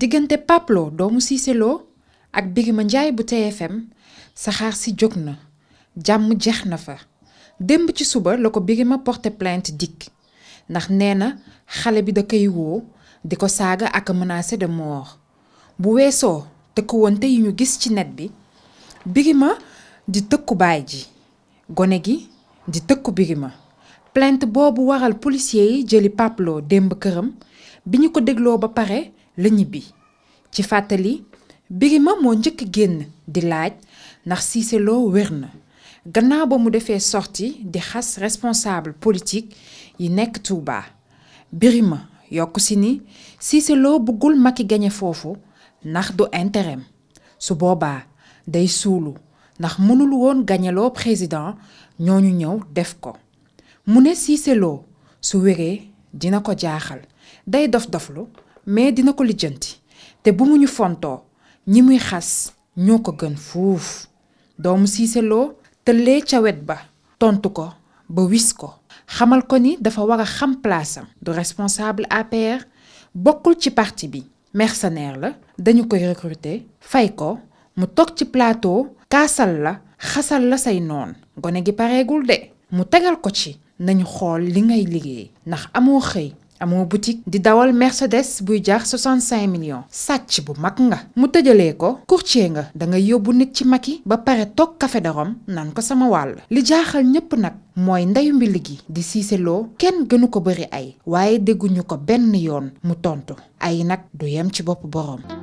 diggante Pape doomu Cissé ak Birima Ndiaye bu TFM saxaar si jóg na jàmm jeex na fa démb ci suba la ko Birima porté plainte dikk ndax nee na xale bi da koy woo di ko saaga ak menacé de mort bu weesoo tëkkuwante yi ñu gis ci net bi Birima di tëkku baay ji gone gi di tëkku Birima plainte boobu waral policier yi jëli Pape Lo démb këram bi ñu ko dégloo ba pare la nibi, ci fàttali Birima moo njëkk génn di laaj ndax Cissé Lo wér na gannaaw ba mu defee sortie di xas responsable politique yi nekk ba Birima yokk si ni Lo bëggul maki foofu ndax du intérêt su boobaa day suulu ndax mënul woon lo président ñooñu ñëw def ko mu ne su dina ko jaaxal day dof doflu mais dina ko lijjanti te bu muñu fonto ñi muy xas ñoo ko gën fuuf doomu Lo Il ca ba tontu ko ba wis ko xamal ko ni dafa war a xam de du responsable APR bokkul ci parti bi mercenaire la dañu koy recruter fay ko mu ci plateau kaasal la xasal la say noon gone gi de mu tegal ko ci nañu xool li ngay amoo boutique di dawal Mercedes buy jar 65 millions sàcc bu mag nga mu tëjalee ko courtier nga da nga yóbbu nit ci mag yi ba pare toog kafe de Rome naan ko sama wàll li jaaxal ñépp nag mooy ndeyu mbili gi di Cissé kenn gënu ko bëri ay waaye dégguñu ko benn yoon mu tontu ay nag du yem ci boppu boroom